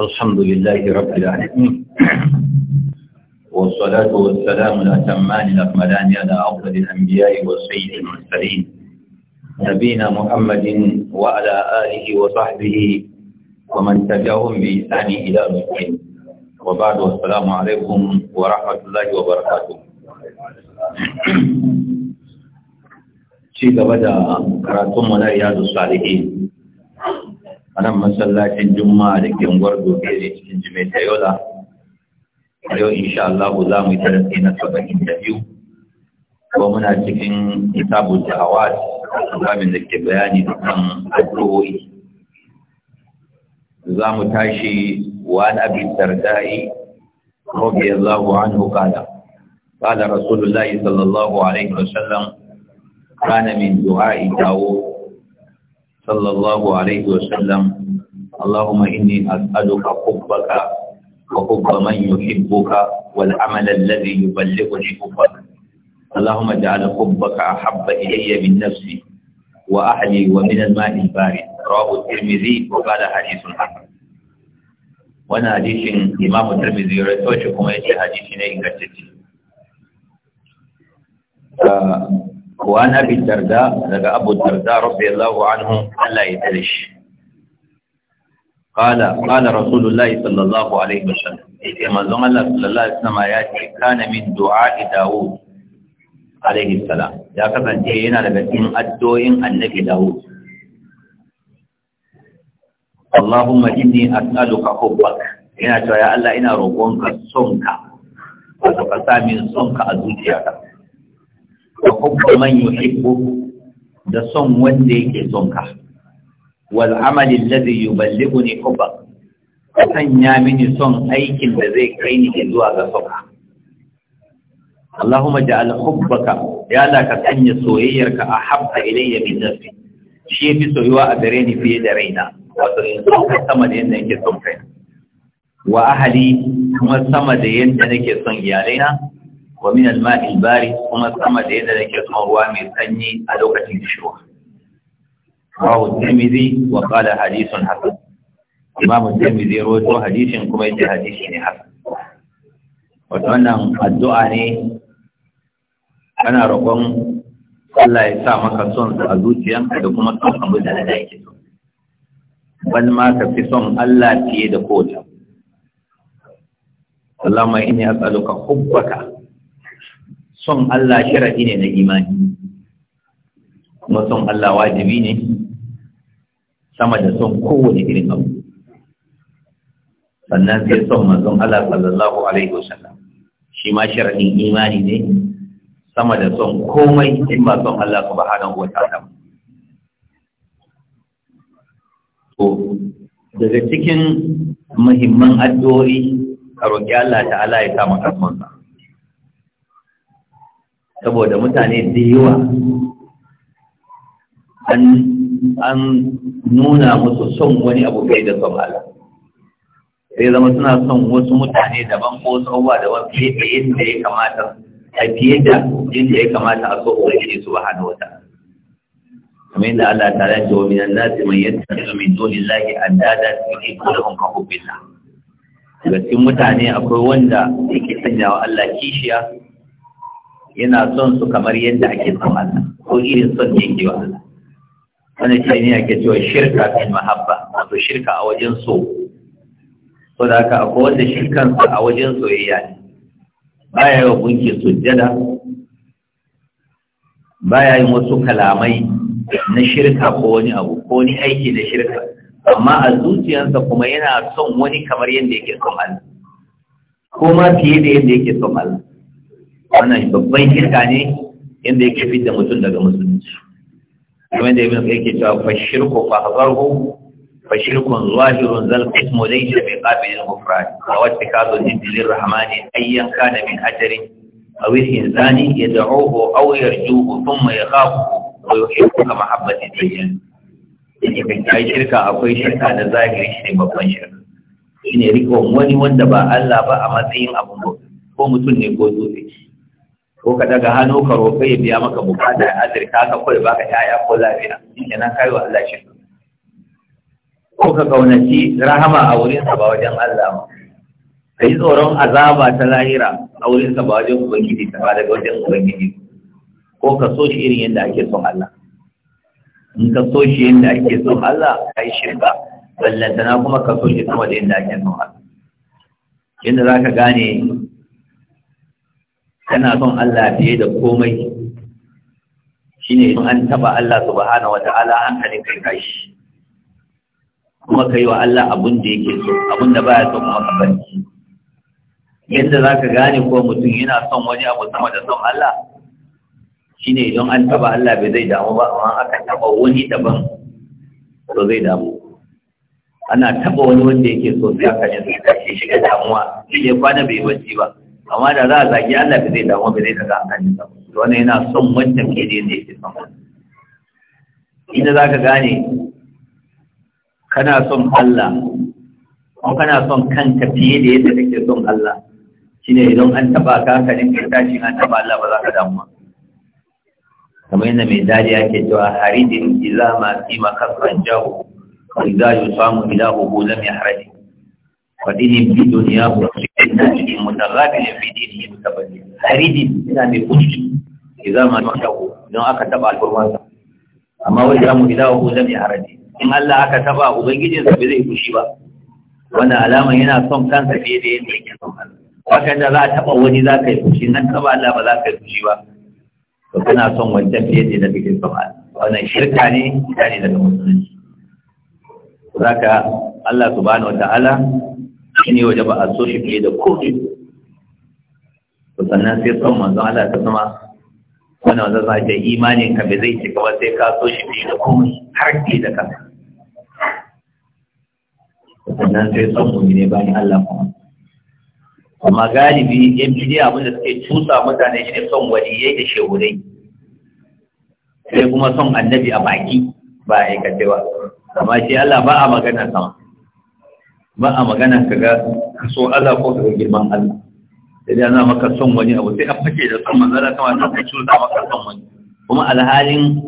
الحمد لله رب العالمين والصلاة والسلام الأتمان الأكملان على أفضل الأنبياء والسيد المرسلين نبينا محمد وعلى آله وصحبه ومن تبعهم بإحسان إلى الدين وبعد والسلام عليكم ورحمة الله وبركاته شيء بدأ كراتم ولا رياض الصالحين a nan masallacin juma'a da ke unguwar gobe ne cikin jimai ta yau da yau insha Allah za mu yi tarafi na saba'in da biyu Ko muna cikin kitabun da babin da ke bayani kan addu'o'i za mu tashi wa an abi dardai رضي الله عنه قال قال رسول الله صلى الله عليه وسلم كان من دعاء داود صلى الله عليه وسلم اللهم إني أسألك حبك وحب من يحبك والعمل الذي يبلغني حبك اللهم اجعل حبك أحب إلي من نفسي وأهلي ومن الماء البارد رواه الترمذي وقال حديث حسن وانا حديث إمام الترمذي رأيته كما يجي حديث إنجازتي Kuwa na bi darda daga abu darda rabbi Allah Allah ya tsare shi. Kala, kala Rasulullah sallallahu Alaihi Wasallam, ya manzon Allah sallallahu Alaihi Wasallam ya ce, kana min du'a i Dawud, Alaihi Wasallam, ya kasance yana daga cikin addo'in annabi Dawud. Allahumma inni as'aluka hubbak, yana cewa ya Allah yana roƙonka sonka, wato ka sa min sonka a zuciyarka. wa hubba man yuhibbu da son wanda yake son ka wal amali alladhi yuballighuni hubbak ka sanya mini son aikin da zai kai ni zuwa ga son ka Allahumma ja'al hubbaka ya la ka sanya soyayyarka ahabba ilayya min nafsi shi yafi soyuwa a gare ni fiye da raina wato in son ka sama da yadda yake son kai wa ahali kuma sama da yadda nake son iyalaina wa min al-ma'i al-bari kuma sama da yadda yake kuma ruwa mai sanyi a lokacin kishirwa rawahu tirmidhi wa qala hadithun hasan imam tirmidhi rawaito hadisin kuma yace hadisi ne hasan wato wannan addu'a ne ana roƙon Allah ya sa maka son a zuciyanka da kuma son abin da Allah so ban ma ka fi son Allah fiye da kowace Allahumma inni as'aluka hubbaka son Allah sharadi ne na imani kuma son Allah wajibi ne sama da son kowane irin abu sannan sai son manzon Allah sallallahu alaihi wasallam shi ma sharadin imani ne sama da son komai in ba son Allah subhanahu wataala to daga cikin muhimman addu'o'i a roƙi Allah ta'ala ya sa maka sonsa saboda mutane da yawa an nuna musu son wani abu kai da son Allah sai zama suna son wasu mutane daban ko tsawa da wasu fiye da yadda ya kamata a fiye da yadda ya kamata a so ba hannu wata kamar yadda Allah ta race wa minan nasi lahi a dada dunillahi andada yuhibbunahum ka hubbillah hukunta gaskin mutane akwai wanda yake sanya wa Allah kishiya yana son su kamar yadda ake son Allah ko irin son da yake wa Allah wani shi ne ake cewa shirka fil mahabba wato shirka a wajen so so da haka akwai wanda shi kansa a wajen soyayya ne baya yi wa gunki sujjada baya yin wasu kalamai na shirka ko wani abu ko wani aiki na shirka amma a zuciyarsa kuma yana son wani kamar yadda yake son Allah ko ma fiye da yadda yake son Allah wannan babban shirka ne inda yake fitar mutum daga musulunci kuma da ibn yake cewa fa shirku fa hazarhu fa shirkun zahirun zal qismu laysa bi qabilin mufrad wa wattikadu jiddi lirrahmani ayyan kana min ajrin aw insani yad'uhu aw yarjuhu thumma yakhafu wa yuhibbu ka mahabbati dajjal yake kan kai shirka akwai shirka da zahiri shi ne babban shirka shine rikon wani wanda ba Allah ba a matsayin abun ko mutum ne ko dutse ko ka daga hannu ka roƙe ya biya maka bukata a azirka ka kawai baka yaya ko lafiya kenan kai wa Allah shi ko ka kaunaci rahama a wurin sa ba wajen Allah ba kai tsoron azaba ta lahira a wurin sa ba wajen ubangiji ta ba daga wajen ubangiji ko ka so shi irin yadda ake son Allah in ka so shi yadda ake son Allah kai shirka ballantana kuma ka so shi sama da yadda ake son Allah yadda za ka gane kana son Allah fiye da komai ne in an taba Allah subhanahu wata'ala hankalin kai tashi kuma ka yi wa Allah abun da yake so abun da baya son kuma ka Yadda za ka gane ko mutum yana son wani abu sama da son Allah Shi ne idan an taba Allah bai zai damu ba amma aka taba wani daban to zai damu ana taba wani wanda yake so sai aka yi sai shiga damuwa shi ne kwana bai bacci ba amma da za a zaki Allah ba zai damu ba zai ga a ba to wannan yana son wancan ke da yake son wannan inda za ka gane kana son Allah ko kana son kanka fiye da yadda kake son Allah shine idan an taba ka ka ka tashi an taba Allah ba za ka damu kamar yadda mai dadi ke cewa haridin ila ma fi makasran jahu idza yusamu ilahu lam yahraji fadini bi duniya ku inna min mutaghabil fi dinihi mutaballi haridin ina mai kunci idan ma ta ku don aka taba alfurmansa amma wai zamu ilahu ku lam yahraji in Allah aka taba ubangijin sa bai zai kushi ba wannan alama yana son kansa fiye da yadda yake son kansa haka da za a taba wani za ka yi kushi nan taba Allah ba za ka yi kushi ba to kana son wancan fiye da yadda kake son Allah wannan shirka ne ita ne daga musulunci zaka Allah subhanahu wa ta'ala shi ne waje ba a so shi fiye da kofi to sannan sai son manzon Allah ta zama wani wanda za ta imanin ka bai zai ci gaba sai ka so shi fiye da komai har ke da ka. sannan sai son mu ne bayan Allah kuma amma galibi yan bidiya abinda suke cusa mutane shi ne son waliyai da shehurai sai kuma son annabi a baki ba a aikacewa amma shi Allah ba a magana sama ba a magana ka ga kaso Allah ko ka girman Allah sai ana maka son wani abu sai a fake da son manzara kama ta ka cuta maka son wani kuma alhalin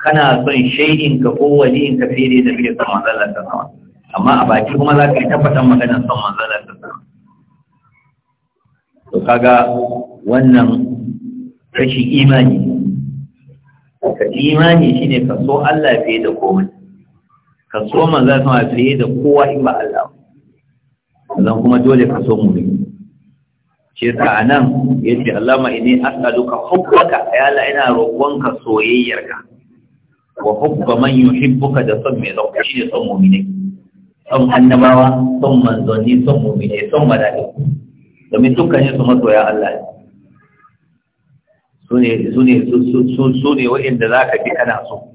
kana son shaidin ka ko waliyin ka fiye da fiye son manzara ta sama amma a baki kuma za ka yi tabbatan maganar son manzara ta sama to kaga wannan rashin imani ka imani shine ka so Allah fiye da komai ka so manzara sama fiye da kowa in ba Allah ba sannan kuma dole ka so mumin shi yasa anan yace Allahumma inni as'aluka hubbaka ya Allah ina roƙonka soyayyarka wa hubba man yuhibbuka da son mai zauka shi ne son mu'minai son annabawa son manzanni son mu'minai son mala'iku domin dukkanin su masoya Allah Su ne sune sune sune wa'inda zaka bi kana so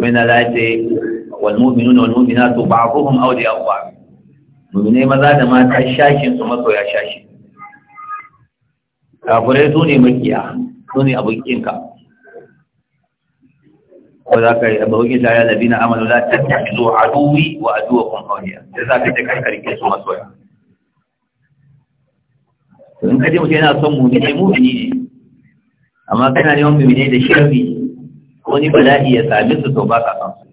kamar na lafi wal mu'minuna wal mu'minatu ba'dhum awliya'u ba'd ne maza da mata shashin su masoya shashi kafirai su ne makiya su ne abokinka ko za ka yi abokin tare da bina amalu ta tattafi zuwa aduwi wa aduwa kun hauniya da za ka ce karkarke su masoya to in ka ji mutum yana son ne mummune ne amma kana neman ne da shirfi wani bala'i ya sami su to ba ka san su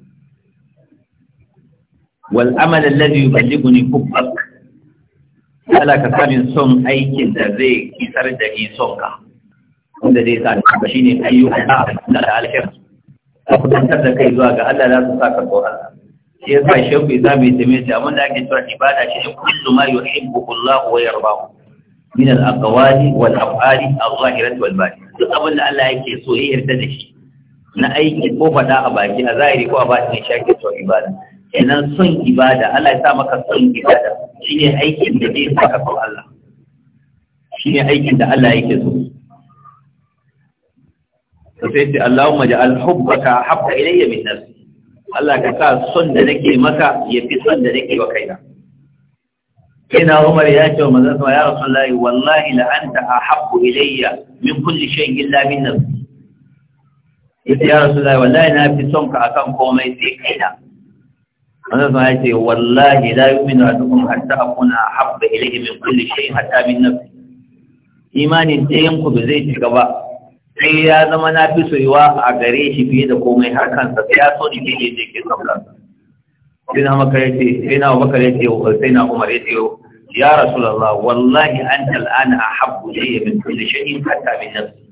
wal amal alladhi yuballighuni hubbak Allah ka samin son aikin da zai kisar da ni son ka wanda zai sa ka shine ayyuka da da alkhair ka kudantar da kai zuwa ga Allah za su saka ko Allah shi yasa shehu isa bai tame ta abin da ake cewa ibada shi ne kullu ma yuhibbu Allah wa yarbahu min al-aqwali wal af'ali al-zahirati wal batini duk abin da Allah yake so ya yarda da shi na aiki ko fada a baki a zahiri ko a ne shi ake cewa ibada kenan son ibada Allah ya sa maka son ibada shine aikin da zai saka so Allah shine aikin da Allah yake so to sai ce Allahumma ja'al hubbaka habba ilayya min nafsi Allah ka sa son da nake maka ya fi son da nake wa kaina ina Umar ya ce wa manzon ya Rasulullahi wallahi la anta ahabbu ilayya min kulli shay'in illa min nafsi ya Rasulullahi wallahi na fi son ka akan komai sai kaina wannan sun yace wallahi la yu'minu ahadukum hatta akuna habba ilayhi min kulli shay'in hatta min nafsi imanin ɗayan ku ba zai cika ba sai ya zama na fi soyuwa a gare shi fiye da komai har kansa sai ya so ni fiye da yake son sai na maka yace sai na bakar yace sai na umar yace ya rasulullah wallahi anta al'ana ahabbu ilayya min kulli shay'in hatta min nafsi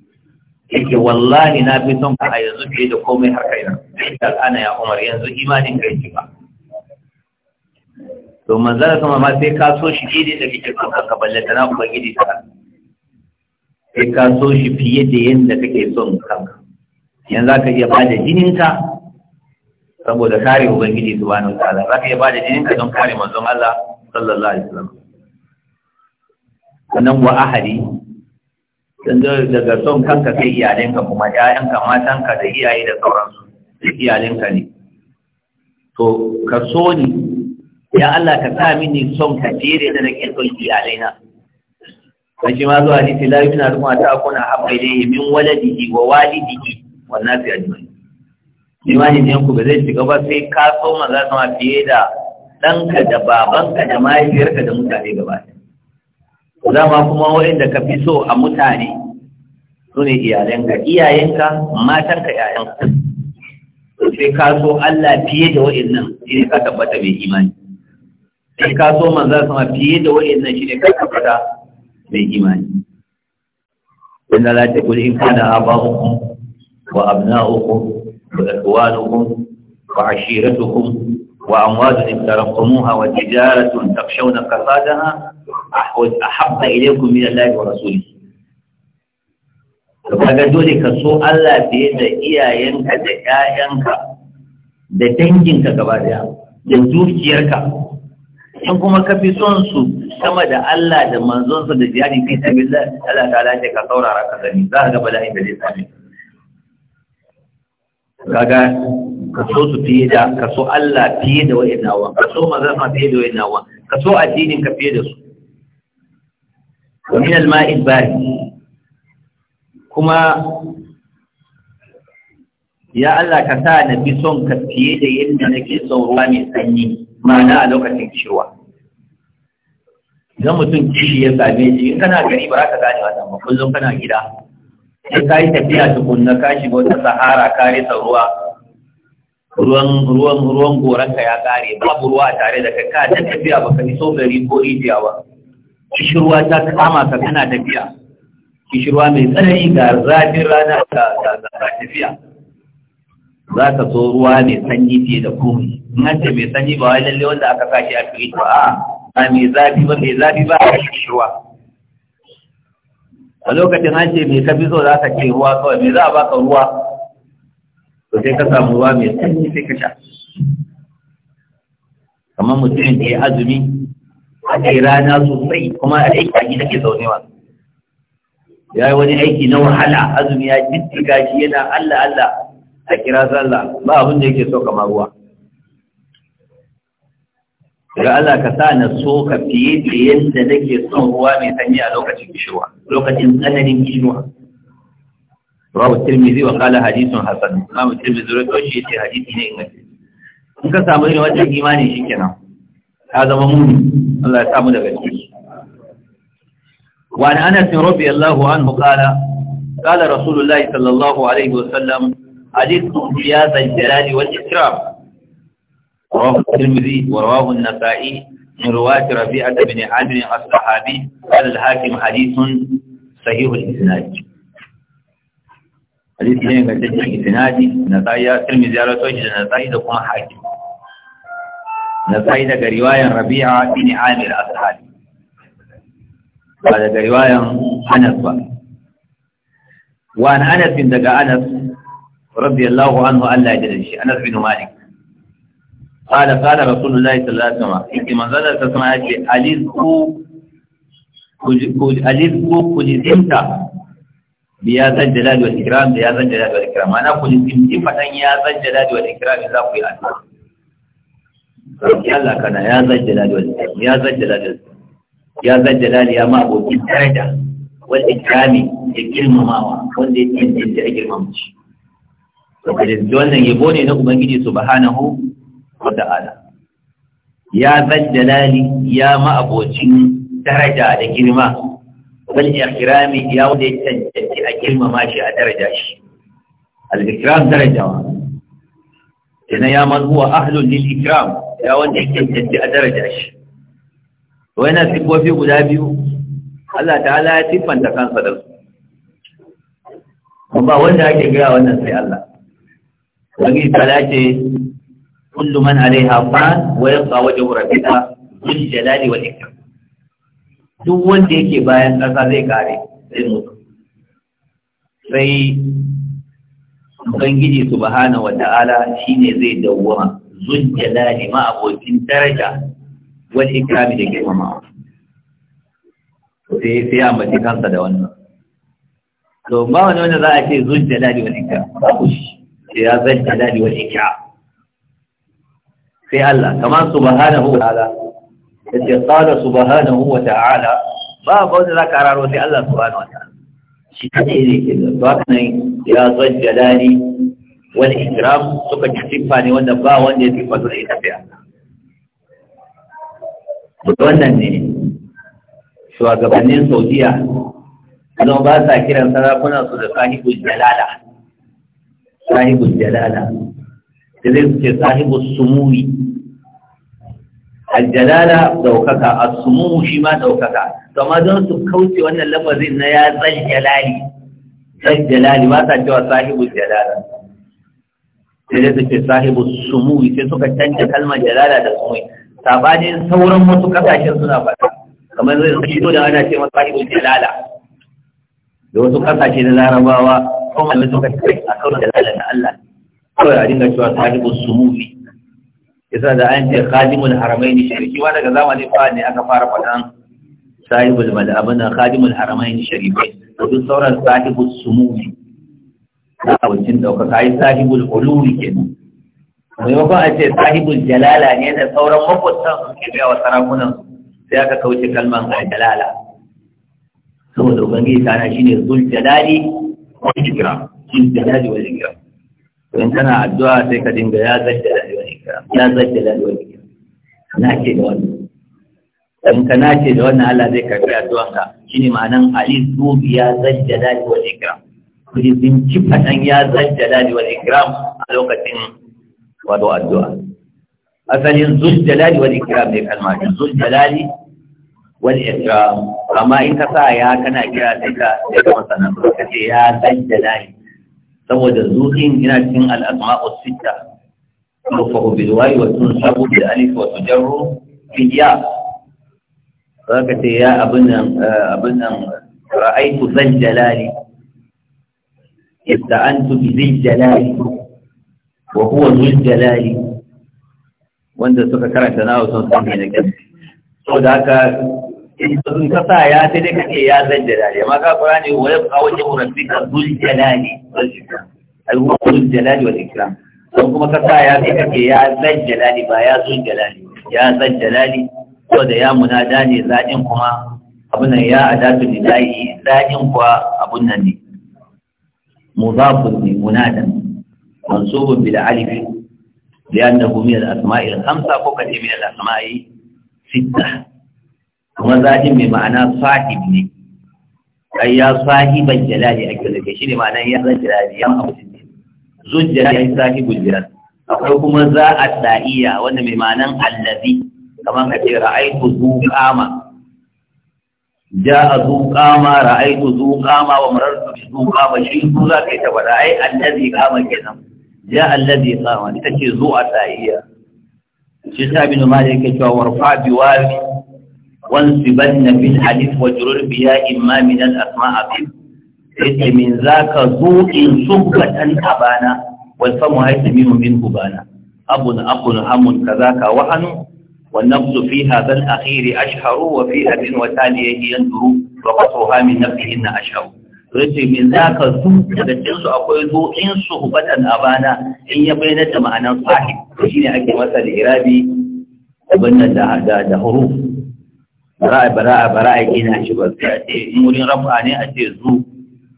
yake wallahi na fi son ka a yanzu fiye da komai har kaina sai al'ana ya umar yanzu imanin ba to manzara sama ma sai ka so shi daidai da kake so ka ballanta na kuma gidi ta sai ka so shi fiye da yadda kake son kanka yanzu za ka iya ba da jininka saboda kare ubangiji subhanahu wa ta'ala za ka iya ba da jininka don kare manzon Allah sallallahu alaihi wasallam sannan wa ahadi dan daga son kanka kai iyalinka kuma ƴaƴanka matanka da iyaye da sauransu iyalinka ne to ka so ni ya Allah ka sa mini son ka jere da nake son iyalaina kashi ma zuwa hadisi la yuna ruma ta kuna habba da min waladihi wa walidihi wa nasi ajma'in limani ne ku ba zai shiga ba sai ka so maza ma fiye da ɗanka da babanka da mahaifiyarka da mutane gaba zama kuma waɗanda ka fi so a mutane su ne iyalanka iyayenka matanka yayanka sai ka so Allah fiye da waɗannan shi ne ka tabbata mai imani sai ka so za sama fiye da nan shi ne ka tabbata mai imani inna la taqul in kana aba'ukum wa abna'ukum wa ikhwanukum wa ashiratukum وأموال اقترفتموها وتجارة تخشون كسادها أحب إليكم من الله ورسوله kaga dole ka so Allah fiye da iyayenka da ƴaƴanka da danginka gaba daya da dukiyarka in kuma ka fi son su sama da Allah da manzonsa da jihadi fi sabilillah Allah ta lace ka saurara ka gani za ka ga bala'in da zai same kaga ka so su fiye da ka so Allah fiye da wa'in nawa ka so manzon ma fiye da wa'in nawa ka so addinin ka fiye da su wa min al-ma'id kuma ya Allah ka sa na bi son ka fiye da yadda nake son ruwa mai sanyi ma'ana a lokacin ciwa idan mutum kishi ya same shi in kana gari ba za ka gane wannan ba kullum kana gida sai ka yi tafiya tukunna ka shiga wata sahara ka rasa ruwa ruwan ruwan ruwan ka ya kare babu ruwa tare da kai ka ta tafiya ba ka iso gari ko rijiya ba kishirwa ta kama ka kana tafiya kishirwa mai tsanani ga zafin rana ga tafiya za ka so ruwa mai sanyi fiye da komai in an ce mai sanyi ba wai lalle wanda aka sa shi a firiji ba a'a ba mai zafi ba mai zafi ba a shi ruwa a lokacin an ce mai ka fi so za ka ce ruwa kawai mai za a baka ruwa to sai ka samu ruwa mai sanyi sai ka sha kamar mutumin da ya azumi a kai rana sosai kuma a aiki a gida ke zaunewa ya yi wani aiki na wahala azumi ya jijjiga shi yana allah allah a kira sallah ba abin da yake so kamar ruwa ga Allah ka sa na so ka fiye da yadda nake son ruwa mai sanyi a lokacin kishirwa lokacin tsananin kishirwa rawu tirmizi wa kala hadithun hasan imam tirmizi rawu shi yace hadisi ne in gaske in ka samu irin wajen imani shi kenan ka zama muni Allah ya samu daga ciki wa أنس رضي الله Allahu anhu قال رسول rasulullahi sallallahu alaihi عليه وسلم حديث جياز الجلال والإكرام رواه الترمذي ورواه النسائي من رواة ربيعة بن عامر الصحابي قال الحاكم حديث صحيح الإسناد حديث جيني قد تجد الإسناد نسائي الترمذي على سوش نسائي دقون حاكم نسائي دقى رواية ربيعة بن عامر الصحابي هذا رواية حنفة وأن أنس دقى أنس radiyallahu anhu Allah ya da shi Anas bin Malik قال قال رسول الله صلى الله عليه وسلم إن من ذلك تسمع أليسكو كجزمتا بياذا الجلال والإكرام بياذا الجلال والإكرام أنا كجزمتي فتن ياذا الجلال والإكرام إذا قوي أنت Allah kana ya zai jalali wal ya zai jalali ya zai jalali ya ma abokin daraja wal ikrami da girmamawa wanda ya tantance a girmama shi saboda wannan yabo ne na ubangiji subhanahu wa ta'ala ya zal jalali ya ma'abocin daraja da girma wal ikrami ya wanda ya cancanci a ma shi a daraja shi al ikram darajawa ina ya man huwa ahlu lil ikram ya wanda ya cancanci a daraja shi to yana sifofi guda biyu Allah ta'ala ya siffanta kansa da su ba wanda ake gaya wannan sai Allah wani tala ce kullu man alaiha fan wa yabqa wajhu rabbika dhul jalali wal ikram duk wanda yake bayan ƙasa zai kare zai mutu sai ubangiji subhanahu ta'ala shine zai dawwama zul jalali ma abokin daraja wal ikram da ke girmama sai sai ya mace kansa da wannan to ba wani wanda za a ce zul jalali wal ikram ba ku shi ya zan jalali wa ikram sai Allah kamar subhanahu wa ta'ala yace qala subhanahu wa ta'ala ba ba wanda zaka raro sai Allah subhanahu wa ta'ala shi kadai ne ke da ba nan ya zan jalali wal ikram suka tifa ne wanda ba wanda ya tifa da ita sai wannan ne shugabannin Saudiya don ba sa kiran sarakunan su da sahibul jalala sahibu jalala da zai ce sahibu sumuri aljalala daukaka a shi ma daukaka to don su kauce wannan lamarin na ya zai jalali zai jalali ba sa cewa sahibu jalala sai zai suke sahibu sumuwi sai suka canja kalmar jalala da sumuwi sabanin sauran wasu kasashen suna faɗa kamar zai zai zai ana ce zai zai z da wasu kasashe na larabawa kuma da suka kai a kawai da lalata Allah kawai a dinga cewa sahibul sumufi yasa da an ce khadimul haramain sharifi wa daga zamanin fa ne aka fara fadan sahibul mal'abana khadimul haramain sharifi da duk sauran sahibul sumumi da abincin daukaka ai sahibul ululi Mai maimakon a ce sahibul jalala ne da sauran makwabtan su ke wa sarakunan sai aka kauce kalman ga jalala saboda ubangiji ta na shine zul jalali wal ikram zul jalali wal ikram to in kana addu'a sai ka dinga ya zal jalali wal ikram ya zal jalali wal ikram na ce da wannan in ka nace da wannan Allah zai karbi addu'a ka shine ma'anan ali zubi ya zal jalali wal ikram kuji bin kifa dan ya zal jalali wal ikram a lokacin wato addu'a asalin zul jalali wal ikram ne kalma zul jalali Wani ikram amma in ka sa ya kana kira ta ka sai ka masa nan ka ce ya sajjada saboda zuhin ina cikin al-asma'u sitta rufu bil wayi wa sabu bil alif wa tujarru bi ya ka ce ya abin nan eh, abin nan ra'aytu zaljalali ista'antu bi jalali wa huwa jalali wanda suka karanta nawa sun san ne da gaske saboda haka in ka sa ya sai daga kake ya zan da dariya ma ka kura ne wa yabqa wajhu rabbika dhul jalali wal Kuma al jalali wal ikram don kuma ka sa ya sai kake ya zan jalali ba ya zun jalali ya zan jalali ko da ya munada ne zaɗin kuma abun nan ya adatu lillahi Zaɗin kuwa abun nan ne mudafun ne munadan mansubun bi da li'annahu min al asma'i Asma'il Hamsa ko kace min al asma'i sittah kuma zahin mai ma'ana sahib ne ai ya sahiban jalali ake zake shi ne ma'ana ya zan jalali ya abucin ne zun jalali ya sahibul jalali akwai kuma za a da'iya wanda mai ma'anan allazi kamar ka ce ra'aitu zu qama ja'a zu qama ra'aitu zu qama wa marartu bi zu qama shi zu za ka yi ta faɗa ai allazi qama kenan ja'a allazi qama ita ce zu a da'iya shi sa bin malik ke cewa warfa biwari wansibat na fi hadith wa jurur biya imma min al asma abin yadda min za ka zo in subbatan a bana wal famu haifu min min hubana abun abun hamun ka za ka wahanu wal nafsu fi hadal akhiri ashharu wa fi abin wa taliyahi yanzuru wa qatu ha min nafsihi na ashharu yadda min za ka zo da jinsu akwai zo in subbatan a bana in ya bayyana ma'anar sahib shine ake masa da irabi wannan da da huruf bara'a bara'a bara'a gina shi ba sai a ce in wurin rafa ne a ce zu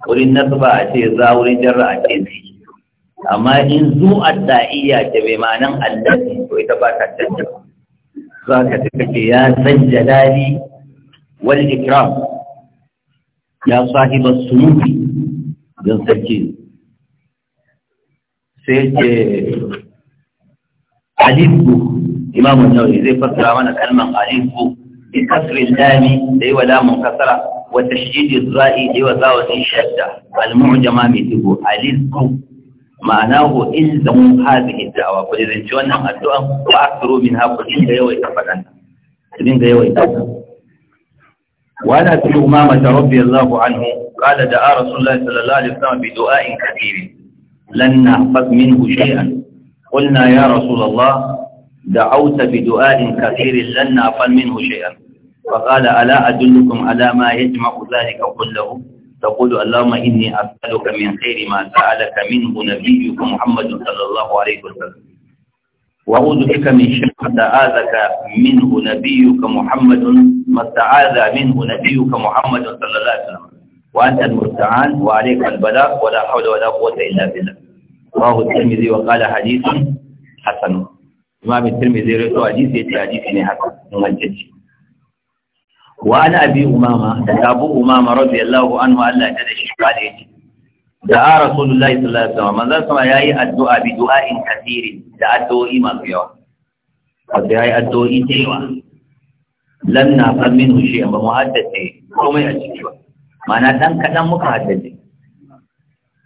wurin nasba a ce za wurin jarra a ce zi amma in zu adda'iyya ce mai ma'anan allazi to ita ba ta canja ba za ka ta kace ya san jalali wal ikram ya sahiba sunubi don sarki sai ce alifu imamu nauri zai fassara mana kalmar alifu بكسر اللام ديوة لام كسرة وتشديد الراء ديوة ذاوة شدة المعجمة مثله ألزكم معناه إلزموا هذه الدعوة ولذلك جوانا الدعاء وأكثروا منها قلت ديوة يتفلنا تبين ديوة يتفلنا وأنا أبي أمامة رضي الله عنه قال دعا رسول الله صلى الله عليه وسلم بدعاء كثير لن نحفظ منه شيئا قلنا يا رسول الله دعوت بدعاء كثير لن نحفظ منه شيئا فقال ألا أدلكم على ما يجمع ذلك كله تقول اللهم إني أسألك من خير ما سألك منه نبيك محمد صلى الله عليه وسلم وأعوذ بك من شر ما استعاذك منه نبيك محمد ما استعاذ منه نبيك محمد صلى الله عليه وسلم وأنت المستعان وعليك البلاء ولا حول ولا قوة إلا بالله رواه الترمذي وقال حديث حسن إمام الترمذي رأيته حديث يأتي حديث حسن مهجج wa ana abi umama da abu umama radiyallahu anhu Allah ya dace kare shi da a rasulullahi sallallahu alaihi wasallam manzon sama yayi addu'a bi du'ain kathiri da addu'o'i masu yawa wato yayi addu'o'i da yawa lam na fa minhu shay'an ba muhaddace komai a ciki ba Mana dan kadan muka haddace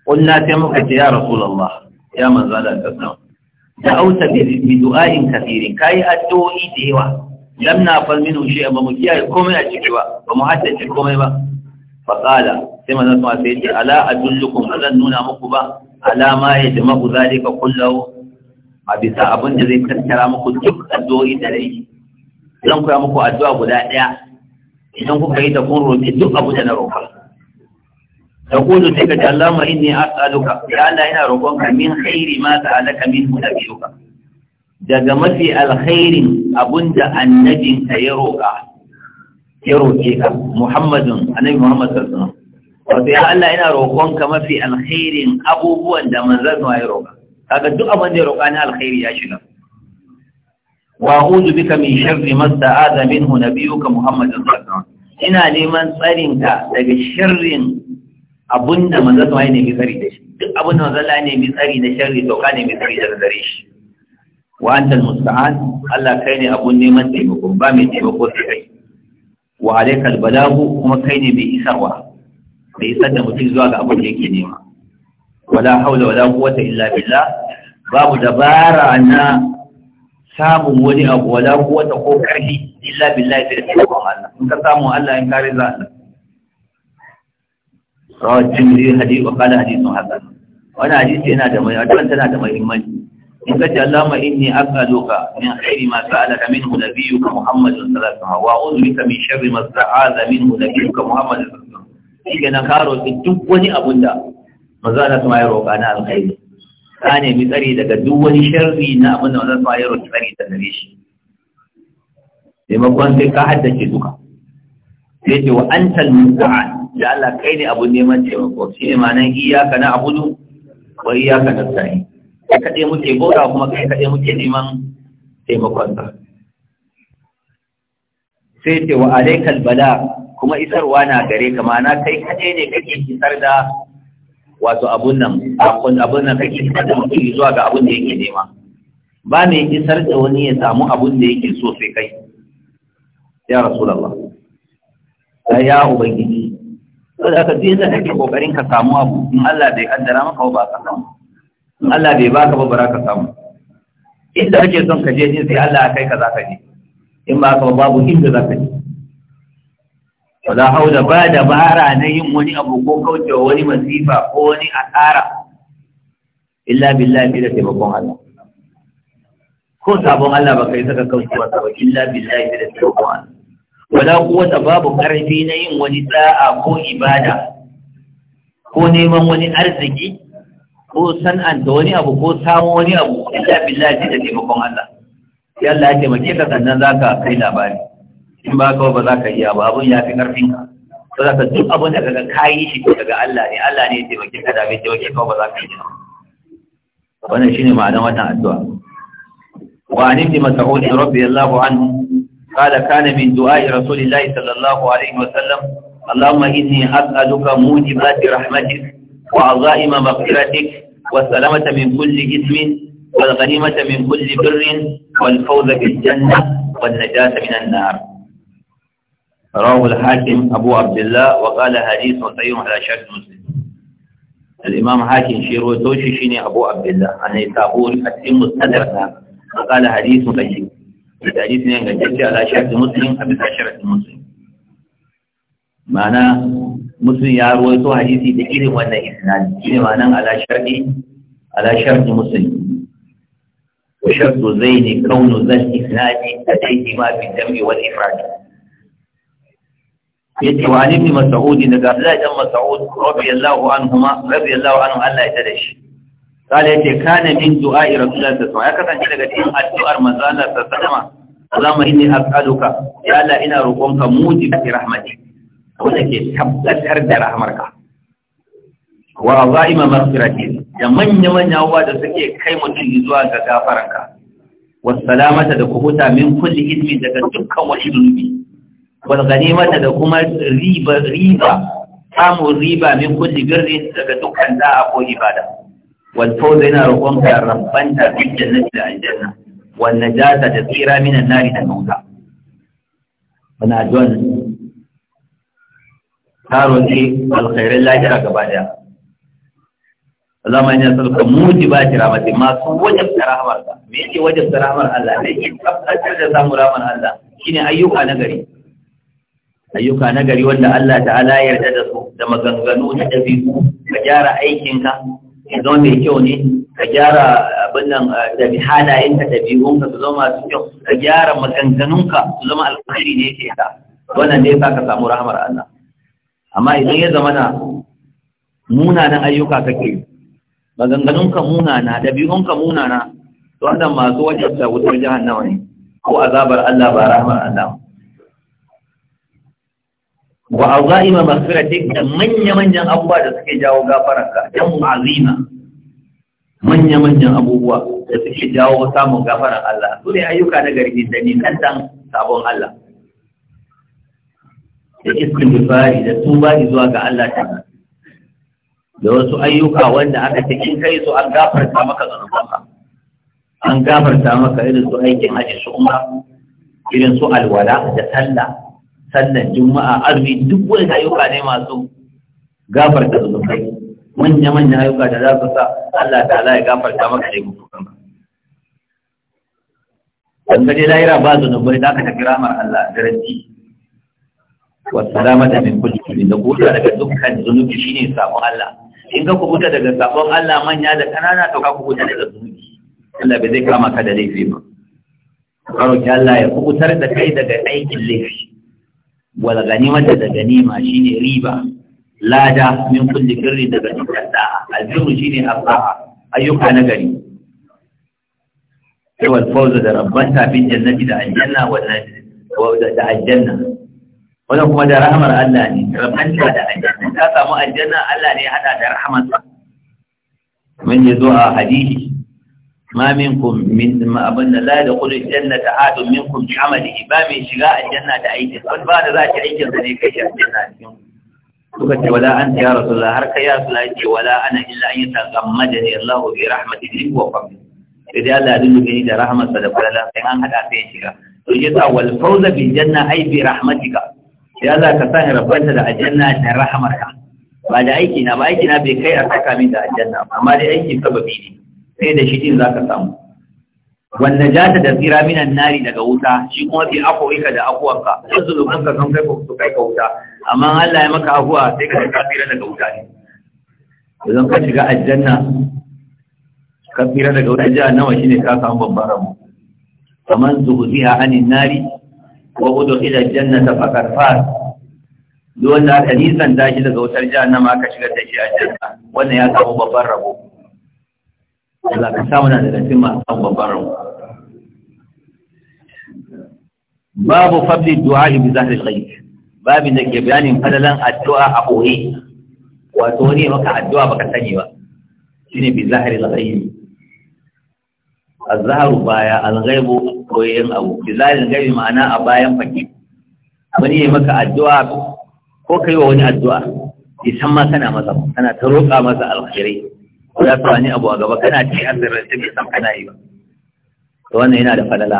qulna sai muka ce ya rasulullah ya manzon Allah sallallahu alaihi wasallam da'awta bi du'ain kathiri kai addu'o'i da yawa lam na fal minhu shay'an ba kiyaye komai a ciki ba bamu mu haddace komai ba fa qala sai manzon sa a ce ala adullukum zan nuna muku ba ala ma yajma'u zalika kullahu a bisa abin da zai tattara muku duk addu'o'i da rai zan koya muku addu'a guda ɗaya idan kuka yi da kun roƙi duk abu da na roƙa تقول تلك اللهم إني أسألك يا الله إنا ربك من خير ما سألك منه نبيك daga mafi alkhairin abunda annabin ka ya roƙa ya roƙe ka Muhammadun annabi Muhammad sallallahu alaihi wato ya Allah ina roƙon ka mafi alkhairin abubuwan da manzon ya roƙa kaga duk abin da ya roƙa ni alkhairi ya shiga wa a'udhu bika min sharri ma sta'adha minhu nabiyuka Muhammad sallallahu alaihi wasallam ina neman tsarin ka daga sharrin abunda manzon ya nemi tsari da shi duk abin da manzon ya nemi tsari da sharri to ka nemi tsari daga gare shi wa antal musta'an Allah kai ne abun neman taimako ba mai taimako sai kai wa alaikal balagu kuma kai ne mai isarwa mai isar da mutum zuwa ga abin da yake nema wala haula wala quwwata illa billah babu dabara na samun wani abu wala quwwata ko karfi illa billahi da taimakon Allah in ka samu Allah in kare za Allah rawar jimri hadith wa qala hadithun hasan wannan hadisi yana da mai tana da muhimmanci in ka ce Allah ma inni aka doka min khairi ma sa'ala ka min hulabiyu ka Muhammadu sallallahu alaihi wa uzu bika min sharri ma sa'ala min hulabiyu ka Muhammadu sallallahu alaihi wa sallam shi kenan ka duk wani abun maza na tuma ya roƙa na alkhairi ka nemi tsari daga duk wani sharri na abun maza tuma roƙi tsari ta gare shi sai ka haddace duka sai ce wa an talmuka da Allah kai ne abun neman taimako shi ne iyaka na abudu wa iyaka na tsari kai kaɗai muke bauta kuma kai kaɗai muke neman taimakon sa. sai ce wa alaikal bala kuma isarwa na gare ka ma'ana kai kaɗai ne kake isar da wato abun nan abun nan kake isar da mutum zuwa ga abun da yake nema ba mai isar da wani ya samu abun da yake so sai kai ya rasulullah ya ubangiji saboda haka duk yadda kake kokarin ka samu abu in Allah bai kaddara maka ba ka samu Allah bai baka ba baraka samu inda kake son ka je din sai Allah ya kai ka za ka je in ba ka babu inda za ka je wala hauda ba bara na yin wani abu ko wa wani masifa ko wani asara illa billahi da taimakon Allah ko sabon Allah ba kai saka kaucewa ba illa billahi da taimakon Allah wala kuwata babu karfi na yin wani da'a ko ibada ko neman wani arziki ko san'anta wani abu ko samo wani abu illa billahi da taimakon Allah sai Allah ya taimake ka sannan za ka kai labari in ba ka ba za ka iya ba abun ya fi karfin ka to za duk abun da kaga kayi shi daga Allah ne Allah ne ya taimake ka da bai taimake ka ba za ka iya wannan shine ma'anar wannan addu'a wa an ibn mas'ud radiyallahu anhu قال كان من دعاء رسول الله صلى الله عليه وسلم اللهم إني أسألك موجبات رحمتك وعظائم مغفرتك والسلامة من كل إثم والغنيمة من كل بر والفوز بالجنة والنجاة من النار رواه الحاكم أبو عبد الله وقال حديث صحيح على شرط مسلم الإمام حاكم شيرو توشي شيني أبو عبد الله عن يتابور أتم مستدرنا وقال حديث مبين الحديث نين على شرط مسلم أبو شرط مسلم معناه muslim ya ruwaito hadisi da irin wannan isnadi ne ma'anan ala sharti ala sharti muslim wa shartu zaini kaunu zal isnadi tadayyi ma fi dami wal ifrad yace wa ali ibn mas'ud daga Abdullah ibn mas'ud radiyallahu anhuma radiyallahu anhu Allah ya tada shi قال يتي كان من دعاء رسول الله صلى الله عليه وسلم يا كسان daga cikin addu'ar manzo Allah sallallahu alaihi wasallam Allahumma inni as'aluka ya Allah ina roƙonka mujibat rahmatik wanda ke tabbatar da rahamarka wa za'ima maghfirati da manya manya uwa da suke kai mutum zuwa ga gafaranka wa salamata da kubuta min kulli ismi daga dukkan wani zunubi wal ghanimata da kuma riba riba samun riba min kulli birri daga dukkan da'a ko ibada wal fawza yana roƙon ka rabbanta bil jannati da aljanna wal najata da tsira minan nari da nauta bana don tarun ne alkhairin lahira gaba daya zaman ya sarka muji ba ba. rahmatin masu wajabta rahmarsa me yake wajen rahmar Allah ne yin tabbatar da samun rahmar Allah shine ayyuka na gari ayyuka na gari wanda Allah ta'ala ya yarda da su da maganganu da dabi'u ka gyara aikinka ya zama mai kyau ne ka gyara abin nan eh, da halayenka ka su zama masu kyau ka gyara maganganunka su zama alkhairi ne ke ka wannan ne ya sa ka samu rahmar Allah amma idan ya zama na munanan ayyuka kake maganganunka munana ɗabi'unka munana to wannan masu wajabta wutar jahannama ne ko azabar Allah ba rahmar Allah wa azaima maghfiratik da manya-manyan abubuwa da suke jawo gafararka dan azima manya-manyan abubuwa da suke jawo samun gafarar Allah su ne ayyuka na garbi da ni kan sabon Allah da istighfari da tuba zuwa ga Allah ta da wasu ayyuka wanda aka in kai su an gafarta maka zanubanka an gafarta maka irin su aikin haji su umra irin su alwala da sallah sallan juma'a arbi duk wani ayyuka ne masu gafarta zanubai manya manya ayyuka da za su sa Allah ta'ala ya gafarta maka da gutukanka dan gaje lahira ba zanubai za ka ta mar Allah garanti wa da min kulli kulli da kuta daga dukkan zunubi shine sabon Allah in ka kubuta daga sabon Allah manya da kanana to ka kubuta daga zunubi Allah bai zai kama ka da laifi ba karo ki Allah ya kubutar da kai daga aikin laifi wal ganima da ganima shine riba lada min kulli birri daga dukkan da'a albiru shine asaha ayyuka na gari wal fawzu da rabbanta bin jannati da aljanna wa da aljanna wannan kuma da rahamar Allah ne rabanta da aljanna ta samu aljanna Allah ne hada da rahamarsa من يدعى حديث ما منكم من ما أبن لا يدخل الجنة عاد منكم بعمله ما من شقاء الجنة عيد والبعد ذات عيد ذلك الجنة تكت ولا أنت يا رسول الله هرك يا رسول الله ولا أنا إلا أن يتغمدني الله برحمته وفضله إذا الله يدلني إلى رحمة صدق ولا لا أن هذا في شقاء تجد والفوز بالجنة أي برحمتك ya za ka sa rabanta da aljanna da rahamarka ba da aiki na ba aiki na bai kai a saka min da aljanna amma dai aiki sababi ne sai da shi din ka samu wanda jata da tsira minan nari daga wuta shi kuma bi ka da afuwanka sun ka sun kai su kai ka wuta amma Allah ya maka afuwa sai ka ka tsira daga wuta ne idan ka shiga aljanna ka tsira daga wuta jiya? nawa shine ka samu babbar rabo kamar zuhuziha anin nari wa udkhila jannata faqad faz duk wanda aka nisan shi daga wutar jahannama aka shigar da shi a janna wannan ya samu babban rabo Allah ka samu na daga cikin masu samu babban rabo babu fadli du'a bi zahri al babin da ke bayanin fadalan addu'a a koyi wato ne maka addu'a baka sani ba shine bi zahri al azharu baya alghaibu koyin abu bizalil gari ma'ana a bayan fage wani ya maka addu'a ko kai wa wani addu'a san ma kana masa kana ta roƙa masa alkhairi ko da ta wani abu a gaba kana ci an ta bai san kana yi to wannan yana da falala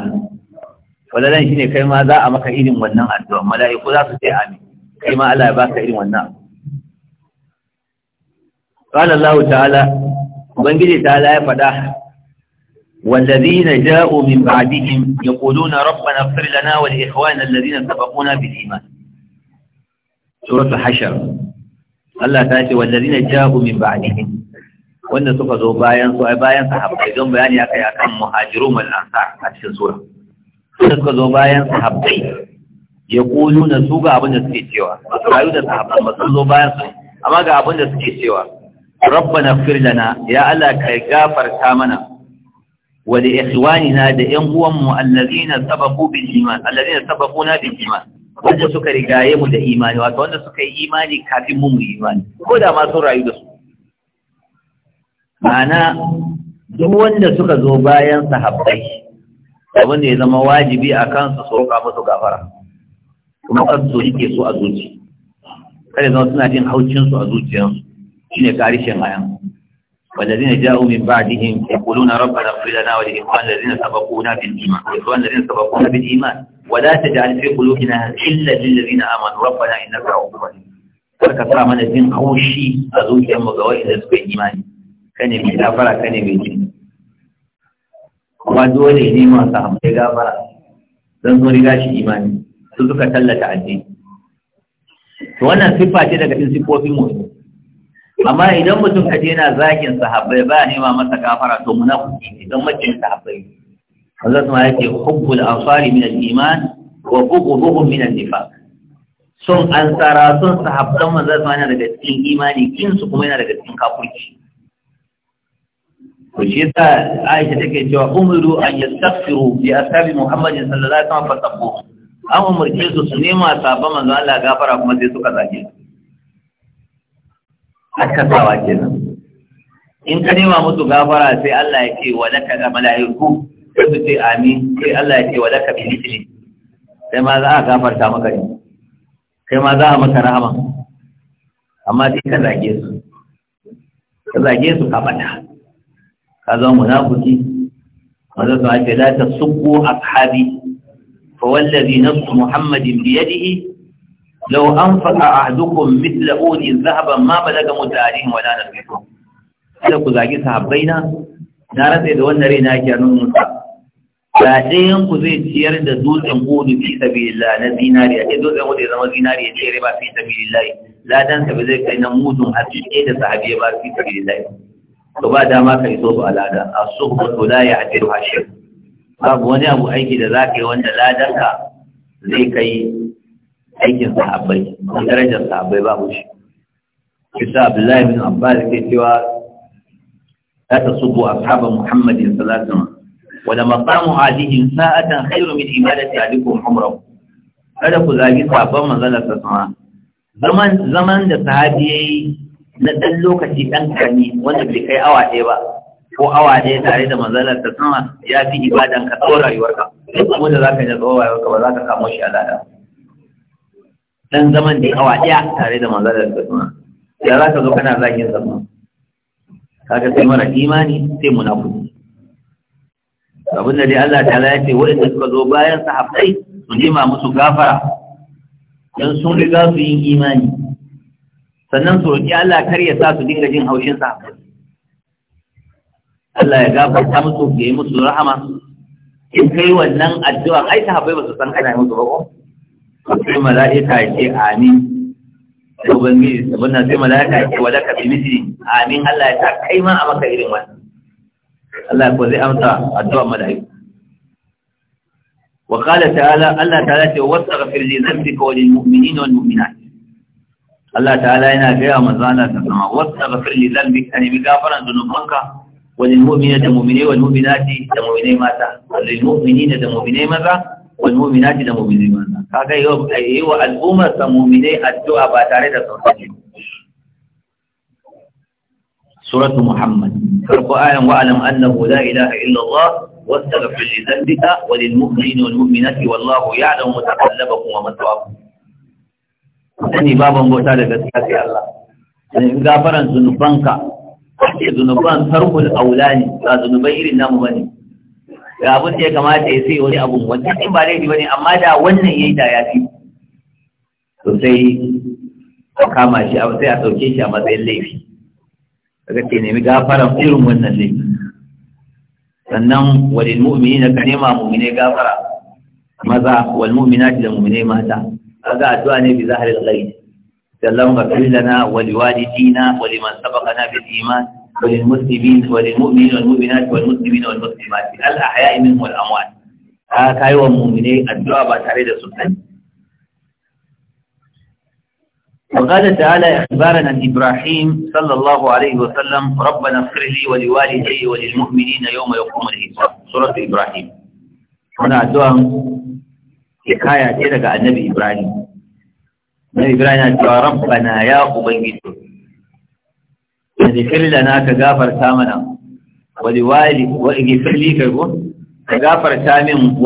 falalan shine kai ma za a maka irin wannan addu'a mala'iku za su ce amin kai ma Allah ya baka irin wannan qala Allah ta'ala ubangiji ta'ala ya faɗa والذين جاءوا من بعدهم يقولون ربنا اغفر لنا والإخوان الذين سبقونا بالإيمان سورة الحشر الله تعالى والذين جاءوا من بعدهم wanda suka zo bayan su ai bayan sahabbai don bayani akai akan muhajirum wal a cikin sura wanda suka zo bayan sahabbai ya kulu na su ga abin suke cewa ba rayu da sahabbai ba zo bayan su amma ga suke cewa ya ka gafarta mana ولإخواننا دئن قوم الذين سبقوا بالإيمان الذين سبقونا بالإيمان wanda suka rigaye mu da imani wato wanda suka yi imani kafin mu mu imani ko da ma sun rayu da su ma'ana duk wanda suka zo bayan sahabbai abin da ya zama wajibi a kansu su roƙa musu gafara kuma kan su rike su a zuci kada zama suna jin haucin su a zuciyarsu shine karishin ayan والذين جاءوا من بعدهم يقولون ربنا اغفر لنا ولإخوان الذين سبقونا بالإيمان والإخوان الذين سبقونا بالإيمان ولا تجعل في قلوبنا إلا للذين آمنوا ربنا إنك رؤوف رحيم karka sa mana jin haushi a zuciyar mu ga wa'inda suka yi imani kane mai gafara kuma dole ne masu hamsai gabara don sun riga shi imani su suka tallata addini wannan siffa ce daga cikin siffofin mu amma idan mutum ka yana zagin sahabbai ba nema masa gafara to munafiki idan makin sahabbai Allah ta yake hubbul ansari min al-iman wa bughduhum min al-nifaq Sun ansara sun sahabban manzo yana daga cikin imani kin su kuma yana daga cikin kafirci ko shi yasa Aisha take cewa umiru an yastaghfiru bi ashabi Muhammadin sallallahu alaihi wasallam fa an umurke su su nema sahabban manzo Allah gafara kuma sai suka zage su akasawa kenan in ka nema musu gafara sai Allah ya ce wa laka ga mala'iku sai su ce amin sai Allah ya ce wa laka bi mithli sai ma za a gafarta maka ne kai ma za a maka rahama amma sai ka zage su ka zage su ka bata ka zama munafiki wanda su ake la tasubbu ashabi fa wallazi nafsu muhammadin bi yadihi لو أنفق أحدكم مثل أولي ذهبا ما بلغ متعليهم ولا نفسهم kada ku zagi sahabbaina na rantsa da wannan raina yake nan musa da ɗayan ku zai ciyar da dutsen gudu fi sabilillah na zinariya sai dutsen gudu ya zama zinariya ce riba fi sabilillah ladan sa ba zai kai nan mudun asiri da sahabiya ba fi sabilillah to ba dama kai so su alada as-suhbatu la ya'tiru hashir babu wani abu aiki da zaka yi wanda ladanka zai kai aikin sahabbai don darajar sahabbai babu shi kisa abdullahi bin abbas ke cewa la ta ashaba muhammadin sallallahu alaihi wasallam wa la maqamu adihim sa'atan khairu min ibadati alikum umrah kada ku zagi sabon manzalar sa sama zaman zaman da sahabi yayi na dan lokaci dan kani wanda bai kai awa ɗaya ba ko awa ɗaya tare da manzalar ta sama ya fi ibadan ka tsawon rayuwarka duk abin da za ka yi da tsawon rayuwarka ba za ka samu shi a lada dan zaman da awa ɗaya tare da manzo da suna. ya za ka zo kana zagin sama kaga sai mara imani sai munafiki abin da dai Allah ta ya ce da suka zo bayan sahabbai su ma musu gafara dan sun riga su yi imani sannan su roƙi Allah kar ya sa su dinga jin haushin sahabbai Allah ya gafarta musu ya yi musu rahama in kai wannan addu'a ai sahabbai ba su san kana musu ba ko sai mala'ika ya ce amin sai ubangiji sabana sai mala'ika ya ce wala ka bi miji amin Allah ya ta kai ma a maka irin wannan Allah ko zai amsa addu'a mala'ika wa qala ta'ala Allah ta'ala ce wastaghfir li dhanbika wa lil mu'minina wal mu'minat Allah ta'ala yana gaya manzo Allah ta sama wastaghfir li dhanbika an bi gafaran dunubanka mata. Wani والمؤمنات da ماتا وللمؤمنين wani ماذا da المؤمنين ماذا kaga eh, yi wa al'ummar sa addu'a ba tare da sautari suratu muhammad farko ayan wa alam annahu la ilaha illa allah واستغفر لذنبك وللمؤمنين والمؤمنات والله يعلم متقلبكم ومثواكم sani baban bauta da gaskiya sai Allah in gafaran zunubanka ake zunuban tarhul aula ne ba zunubai irin namu bane ga abin da ya kamata ya sai wani abun wannan in ba laifi bane amma da wannan yayi da ya fi to sai a kama shi a sai a dauke shi a matsayin laifi daga ce nemi gafaran irin wannan laifi sannan walil mu'minina ka nema mu'mine gafara maza wal mu'minati da mu'mine mata kaga addu'a ne bi zahril ghaib sallallahu alaihi wa sallam wa liwalidina wa liman sabaqana bil iman وللمسلمين وللمؤمنين والمؤمنات والمسلمين والمسلمات الأحياء منهم والأموات هكا يوم مؤمنين الدعاء بتعريض السلطان وقال تعالى إخبارا عن إبراهيم صلى الله عليه وسلم ربنا اغفر لي ولوالدي وللمؤمنين يوم يقوم الحساب سورة إبراهيم هنا الدعاء حكاية كذا النبي إبراهيم النبي إبراهيم قال ربنا يا أبنجي na ka gafarta mana, wali اغفر لنا كغفر ka ولوالي واغفر لي كغفر كغفر تامن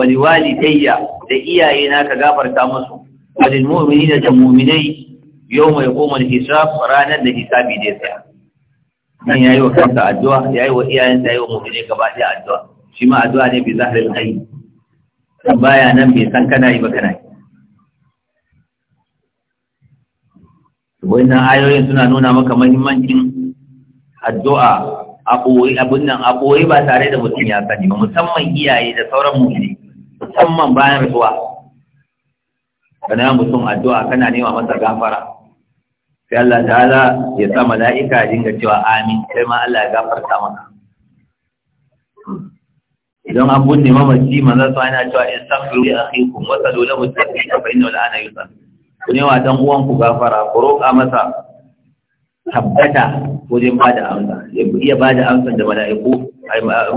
tayya, da iyaye na ka gafarta musu walil mu'minina da mu'minai yawma yaqumul hisab ranar da hisabi zai tsaya nan yayi wa kansa addu'a yayi wa iyayensa yayi wa mu'minai gaba da addu'a shi ma addu'a ne bi zahril ghaib baya nan bai san kana yi ba kana yi wannan ayoyin suna nuna maka muhimmancin addu'a a ɓoye abin nan a ɓoye ba tare da mutum ya sani ba musamman iyaye da sauran ne, musamman bayan rasuwa Ka na mutum addu'a kana nema masa gafara sai Allah ta'ala ya sa mala'ika dinga cewa amin sai ma Allah ya gafarta maka idan an bunne mamaci manzon sa ana cewa istaghfiru li akhikum wa sallu lahu tasbihan fa innahu al'ana yusal ku ne wa dan uwanku gafara ku roƙa masa tabbata wajen ba da amsa ya iya ba da amsa da mala'iku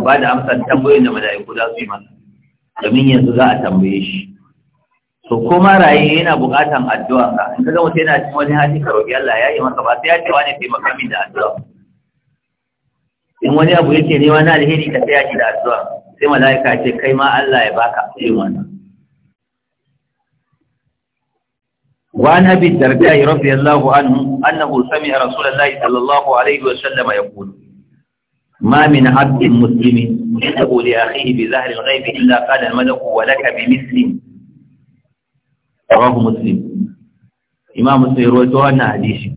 ba da amsa tambayoyin da mala'iku za su yi masa domin yanzu za a tambaye shi to kuma raye yana buƙatan addu'a ka in ka ga mutum yana cikin wani hali ka roƙi Allah ya yi masa ba sai ya ce wani taimaka makami da addu'a in wani abu yake nema na alheri ka tsaya ki da addu'a sai mala'ika ce kai ma Allah ya baka irin wannan وعن أبي الدرداء رضي الله عنه أنه سمع رسول الله صلى الله عليه وسلم يقول ما من عبد مسلم يدعو لأخيه بظهر الغيب إلا قال الملك ولك بمثل رواه مسلم إمام مسلم رويته أن حديث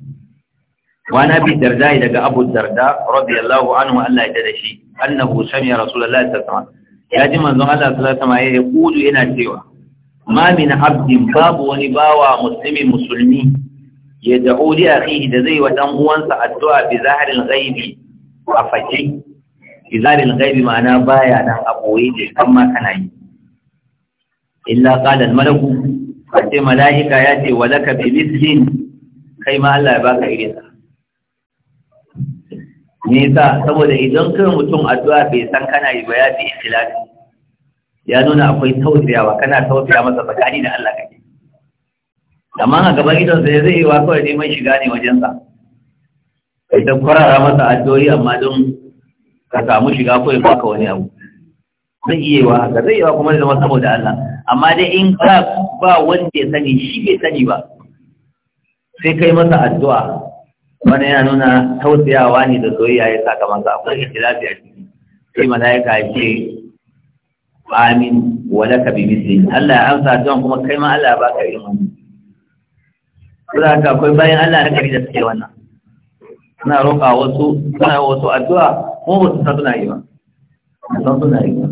وعن أبي الدرداء لقى أبو الدرداء رضي الله عنه أن لا يتدشي أنه سمع رسول الله صلى الله عليه وسلم يا جماعة الله صلى الله عليه وسلم يقول إنا سوى ma min abdin babu wani bawa musulmi musulmi ya da'u li akhihi da zai wa dan uwansa addu'a bi zaharil ghaibi a fake bi zaharil ghaibi ma'ana baya nan a boye da amma kana yi illa qala al malaku sai malaika ya ce laka bi mithlin kai ma Allah ya baka irin sa ne sa saboda idan kai mutum addu'a bai san kana yi ba ya fi ikhlasi ya nuna akwai tausayawa kana tausaya masa tsakani da Allah kake amma a gaban gidan sai zai yi wa kawai neman shiga ne wajensa kai ta kwarara masa addu'o'i amma don ka samu shiga ko ya baka wani abu zai iya wa "Ga zai iya kuma zama saboda Allah amma dai in ka ba wanda ya sani shi bai sani ba sai kai masa addu'a wani ya nuna tausayawa ne da soyayya ya sa kamar sa akwai ikhtilafi a ciki sai malaika ya ce amin wala ka bi misli Allah ya amsa don kuma kai ma Allah ya baka irin wannan kuma ka koi bayan Allah ya kari da suke wannan suna roƙa wasu suna wasu addu'a kuma wasu sa suna yi ba san suna yi ba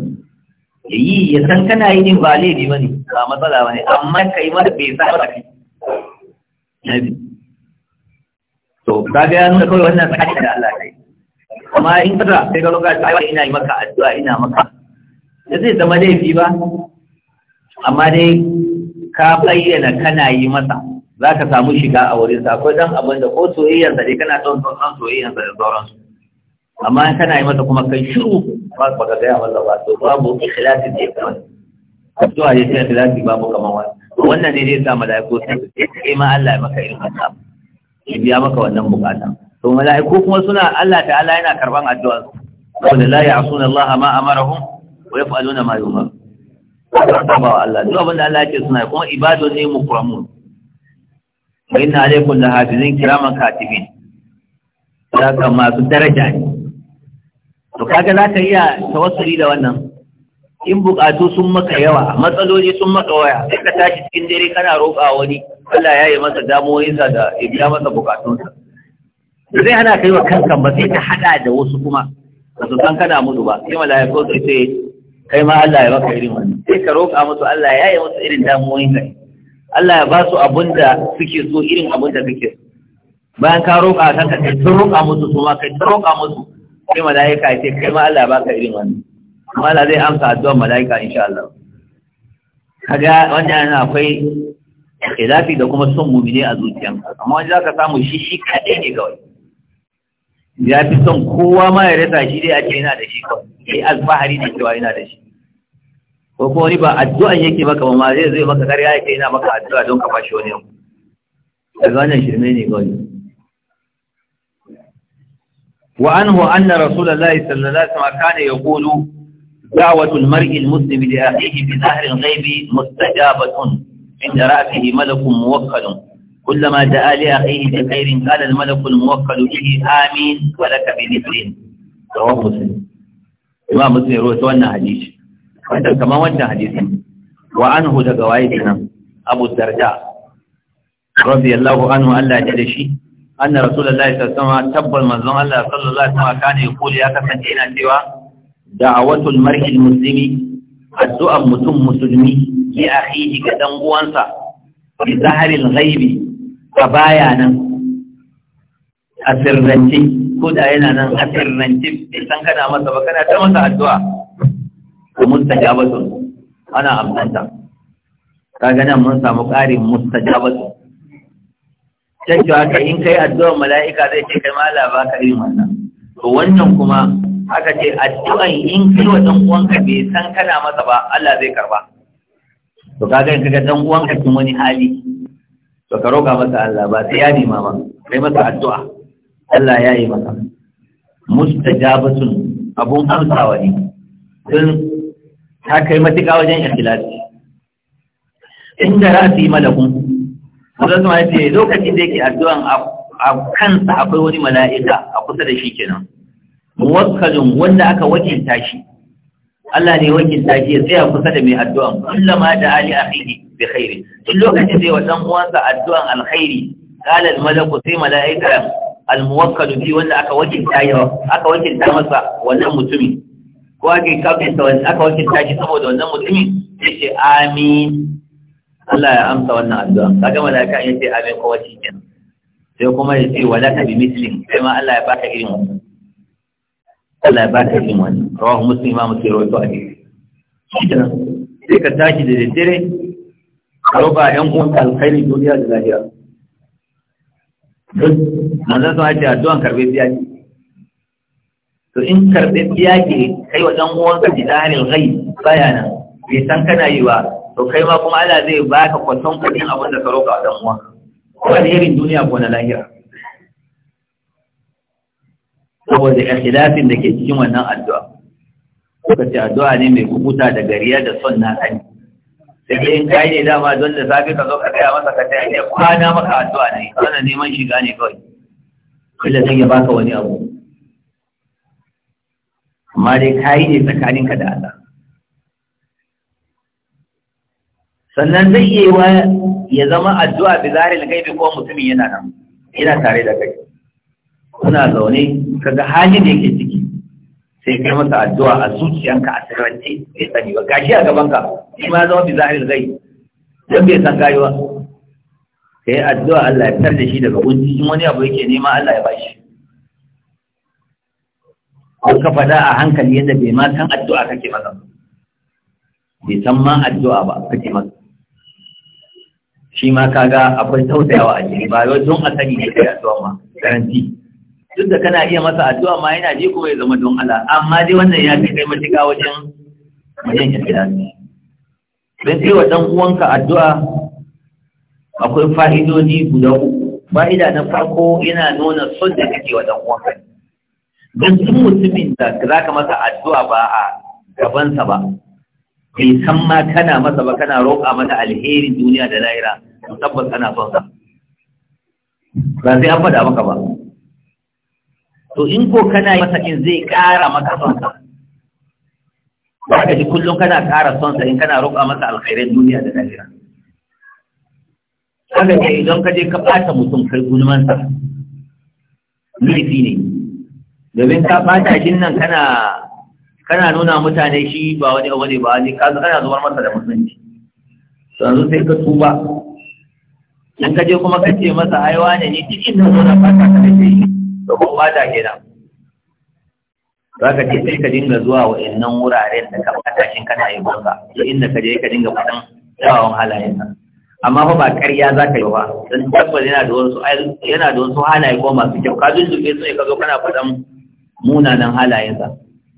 yi ya san kana yi ne ba laifi ba ne ba matsala ba ne amma kai ma bai sa ba kai to ka ga an kawai wannan tsakanin da Allah kai amma in kada sai ka roƙa ta ina yi maka addu'a ina maka da zai zama laifi ba amma dai ka bayyana kana yi masa za ka samu shiga a wurin sa. akwai ɗan abin da ko soyayyarsa dai kana son son soyayyarsa da sauransu amma in kana yi masa kuma kai shiru ba ka gaya masa ba to babu ikhlasin da ya kamata to a jikin ba babu kamar wa. wannan ne zai sa mala'iku sai kai ma Allah ya maka irin haka ya biya maka wannan bukata to mala'iku kuma suna Allah ta'ala yana karban addu'a su saboda la ya'suna Allah ma amarahum wa yaf'aluna ma yuha ba wa Allah duk abin da Allah yake suna kuma ibado ne mu mukramun wa inna alaykum lahafizin kiraman katibin saka masu daraja ne to kaga za ka iya tawassuli da wannan in bukatu sun maka yawa matsaloli sun maka waya sai ka tashi cikin dare kana roƙa wani Allah ya yi masa damuwoyinsa da ya biya masa bukatunsa zai hana ka yi wa kanka ba sai ta hada da wasu kuma ba su san kana mudu ba sai mala'iku sai sai kai ma Allah ya baka irin wannan sai ka roƙa musu Allah ya yi musu irin damuwoyin kai Allah ya ba su abin da suke so irin abin da kake so bayan ka roƙa kanka kai ta roƙa musu su ma kai ta roƙa musu sai mala'ika ya ce kai ma Allah ya baka irin wannan Amma Allah zai amsa addu'ar mala'ika insha Allah kaga wannan akwai khilafi da kuma son ne a zuciyanka amma wani zaka samu shi shi kaɗai ne kawai ya fi son kowa ma ya rasa shi dai a ce yana da shi kawai sai alfahari da cewa yana da shi ko kuma wani ba addu'a yake maka ba ma zai zai maka ƙarya ya kai yana maka addu'a don ka shi wani yau daga wannan shirme ne kawai wa anhu anna rasulullahi sallallahu alaihi wasallam kana yaqulu دعوة المرء المسلم لأخيه بظهر ghaibi mustajabatun inda رأسه malakun muwakkalun كلما دعا لأخيه بخير قال الملك الموكل به آمين ولك بمثل رواه مسلم إمام مسلم يروي وانا حديث وانت كما وانا حديث وعنه دقوائدنا أبو الدرداء رضي الله عنه ألا جلشي أن رسول الله صلى الله عليه وسلم تبا المنظوم الله صلى الله عليه وسلم كان يقول يا كفتين سوى دعوة المرء المسلم الدعاء متم مسلمي لأخيه كدنبوانسا بظهر الغيب a baya nan a sirrance ko da yana nan a sirrance san kana masa ba kana ta masa addu'a ko Mustajabatu, ana amsanta Ka nan mun samu ƙarin mustajabatun tace haka in kai addu'ar mala'ika zai ce kai mala ba ka yi wannan to wannan kuma aka ce addu'an in kai wa dan uwanka bai san kana masa ba Allah zai karba to kaga in kaga dan uwanka cikin wani hali to ka roƙa masa Allah ba sai ya nema ba kai masa addu'a Allah ya yi maka mustajabatun abun amsawa ne tun ta kai matuƙa wajen ikhlasi inda rasi malakun Allah ya ce lokacin da yake addu'an a kansa akwai wani mala'ika a kusa da shi kenan muwakkalin wanda aka wakilta shi Allah ne wakilta shi ya tsaya kusa da mai addu'an kullama da ali akhihi bi khairi Tun lokacin da wa dan uwansa addu'an alkhairi qala al malaku sai malaika al bi wanda aka wakilta yawa aka wakilta masa wannan mutumi ko ake kafin aka wakilta shi saboda wannan mutumin sai ce amin Allah ya amsa wannan addu'a kaga malaika ya ce amin ko wajen kenan sai kuma ya ce walaka bi mislin sai ma Allah ya baka irin wannan Allah ya baka yin wani rawahu muslim imamu ke rawaito a jere sai ka tashi da daddare ka roba yan uwan alkhairi duniya da lahira mazan sun ce addu'an karbe biya ce to in karbe biya ce kai wa ɗan uwan ka bidanil ghaib bayana bai san kana yi ba to kai ma kuma Allah zai baka kwaton kuɗin abin da ka roka a ɗan uwan ko alherin duniya ko na lahira saboda ikhtilafin da ke cikin wannan addu'a suka ce addu'a ne mai kubuta da gariya da son na sani sai dai in yi ne dama don da zafi ka zo ka tsaya masa ka tsaya ne kwana maka addu'a ne wannan neman shiga ne kawai Kullum zai ba baka wani abu amma dai yi ne tsakaninka da Allah sannan zai iya yi wa ya zama addu'a bi zarin gaibi ko mutumin yana nan yana tare da kai kuna zaune kaga halin da yake ciki sai kai masa addu'a a zuciyanka a sirrance sai sani ba gashi a gaban ka, shi ma zama bi zahir zai don bai san gayuwa kai addu'a Allah ya tar da shi daga kunci in wani abu yake nema Allah ya bashi ko ka faɗa a hankali yadda bai ma san addu'a kake masa bai san ma addu'a ba kake masa shi ma kaga akwai tausayawa a jini ba yau don a sani ne kai addu'a ma garanti duk da kana iya masa addu'a ma yana ji kuma ya zama don Allah amma dai wannan ya fi kai matuƙa wajen wajen ikhlasi dan kai wa dan uwanka addu'a akwai fa'idodi guda uku fa'ida na farko yana nuna son da kake wa dan uwanka dan duk mutumin da za ka masa addu'a ba a gabansa ba bai san ma kana masa ba kana roƙa masa alherin duniya da lahira tabbas kana son sa ba sai an faɗa maka ba to in ko kana yi masa in zai ƙara maka sonsa ba ka ji kullum kana ƙara sonsa in kana roƙa masa alkhairin duniya da lahira haka ne idan ka je ka ɓata mutum kai gulmansa laifi ne domin ka ɓata shi nan kana kana nuna mutane shi ba wani abu ne ba wani ka kana zubar masa da mutunci yanzu sai ka tuba in ka je kuma ka ce masa aiwa ne ne cikin nan zo na fata ka da shi roƙon bata kenan za ka ce sai ka dinga zuwa wa innan wuraren da ka bata shi kana yi gonga da inda ka je ka dinga faɗan yawan halayen nan amma fa ba ƙarya za ka yi ba don tabbas yana da wasu yana da wasu halaye ko masu kyau ka lulluɓe su ne ka zo kana faɗan munanan halayensa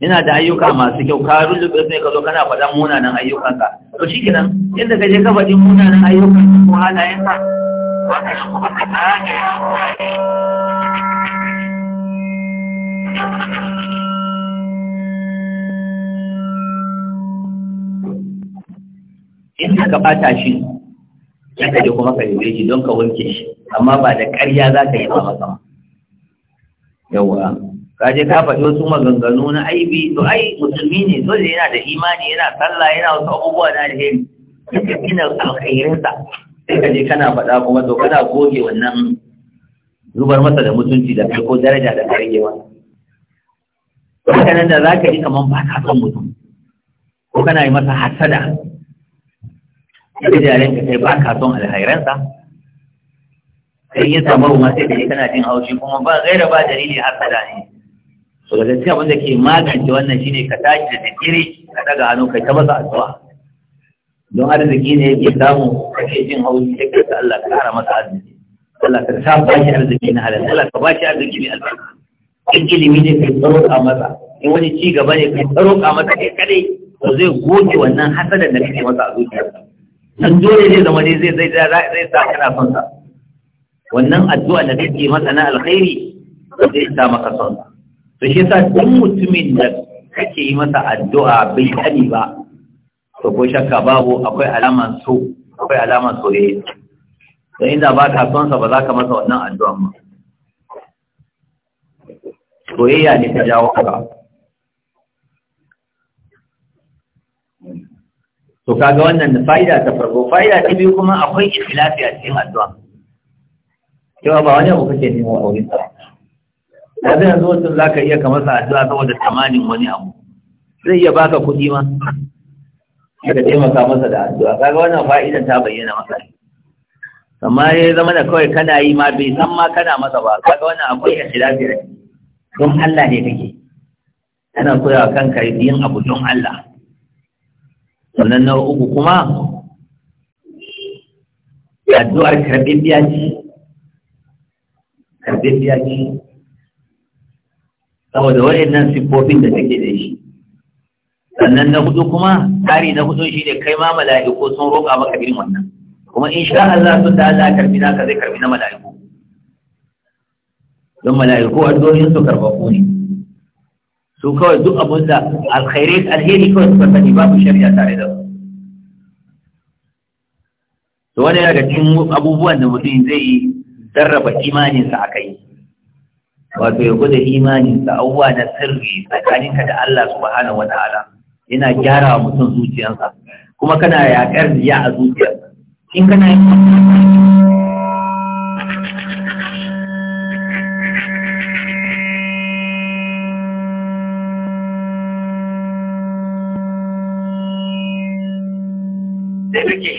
yana da ayyuka masu kyau ka lulluɓe su ne ka zo kana faɗan munanan ayyukansa to shi kenan inda ka je ka faɗi munanan ayyukan ko halayensa ba ka shi kuma ka tsaya in ka bata shi ya kaje kuma ka yabe shi don ka wanke shi amma ba da ƙarya za ka yi ba sama yawa ka je ka faɗi wasu maganganu na aibi to ai musulmi ne dole yana da imani yana sallah yana wasu abubuwa na alheri duka gina alkhairinsa sai ka je kana faɗa kuma to kana goge wannan zubar masa da mutunci da ko daraja da karewa haka nan da za ka yi kamar ba ka son mutum ko kana yi masa hasada da jaren ka kai ba ka son alhairansa kai yin samu ruwa sai da kana jin haushi kuma ba gaira ba dalili hasada ne to da gaskiya wanda ke magance wannan shine ka tashi da tsiri ka daga hannu kai ta masa addu'a don arziki ne ya samu kake jin haushi sai ka Allah ka kara masa arziki Allah ka sa ba shi arziki na halal Allah ka ba shi arziki ne albarka in ilimi ne kai tsaro masa in wani ci gaba ne kai tsaro masa kai kadai to zai goge wannan hasadan da kake masa a zuciya. nan dole ne zama ne zai zai zai sa kana son sa wannan addu'a da kake masa na alkhairi zai sa maka son sa to shi yasa duk mutumin da kake yi masa addu'a bai sani ba to ko shakka babu akwai alaman so akwai alaman soyayya to inda ba ka son sa ba za ka masa wannan addu'an ba soyayya ne ta jawo haka to kaga wannan da fa'ida ta farko fa'ida ta biyu kuma akwai ikhlasi a cikin addu'a cewa ba wani abu kake nemo a wurin sa da zai yanzu wasu za ka iya kamar sa addu'a saboda tamanin wani abu zai iya baka kuɗi ma ka taimaka masa da addu'a kaga wannan fa'idan ta bayyana masa amma ya zama da kawai kana yi ma bai san ma kana masa ba kaga wannan akwai ikhlasi a cikin don Allah ne kake kana koyawa kanka yin abu don Allah sannan na uku kuma addu'ar karɓin biyaci karɓin biyaci ce saboda waɗannan siffofin da take da shi sannan na hudu kuma tsari na hudu shi ne kai ma mala'iku sun roƙa maka irin wannan kuma in sha Allah sun da Allah karɓi naka zai karɓi na mala'iku don mala'iku addu'o'in su ku ne su kawai duk abin da alkhairi alheri kawai karba sani babu shari'a tare da su to wani daga cikin abubuwan da mutum zai yi darraba imaninsa a kai wato ya gwada imaninsa abubuwa na sirri tsakaninka da Allah subhanahu wa ta'ala yana gyara wa mutum zuciyarsa kuma kana yaƙar ya a zuciyarsa in kana yin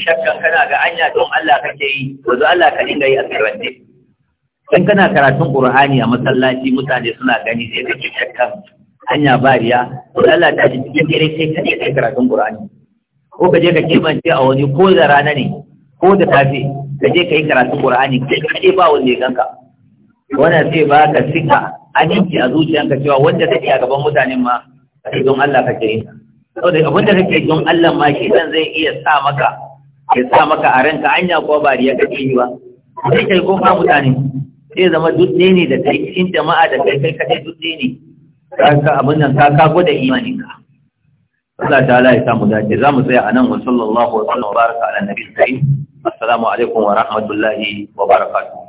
shakkan kana ga anya don Allah kake yi zo Allah ka dinga yi a sirrance in kana karatun Qur'ani a masallaci mutane suna gani sai kake shakkan hanya bariya Ko Allah ta ji cikin dare sai ka yi kai karatun Qur'ani ko ka je ka kimance a wani ko da rana ne ko da tafi, ka je ka yi karatun Qur'ani kai ka je ba wanda ya ganka wannan sai ba ka sika aminci a zuciyanka cewa wanda take a gaban mutanen ma don Allah kake yin saboda abin da kake don Allah ma shi dan zai iya sa maka ya sa maka a ranka anya ko ba riya kake yi ba sai kai ko ka mutane sai zama duk ɗaya ne da kai cikin jama'a da kai kai kaɗai duk ɗaya ne ka abin nan ka kago da imanin ka Allah ta'ala ya samu dace za mu tsaya a nan wa sallallahu wa sallam wa baraka ala nabiyyi assalamu alaikum wa rahmatullahi wa barakatuh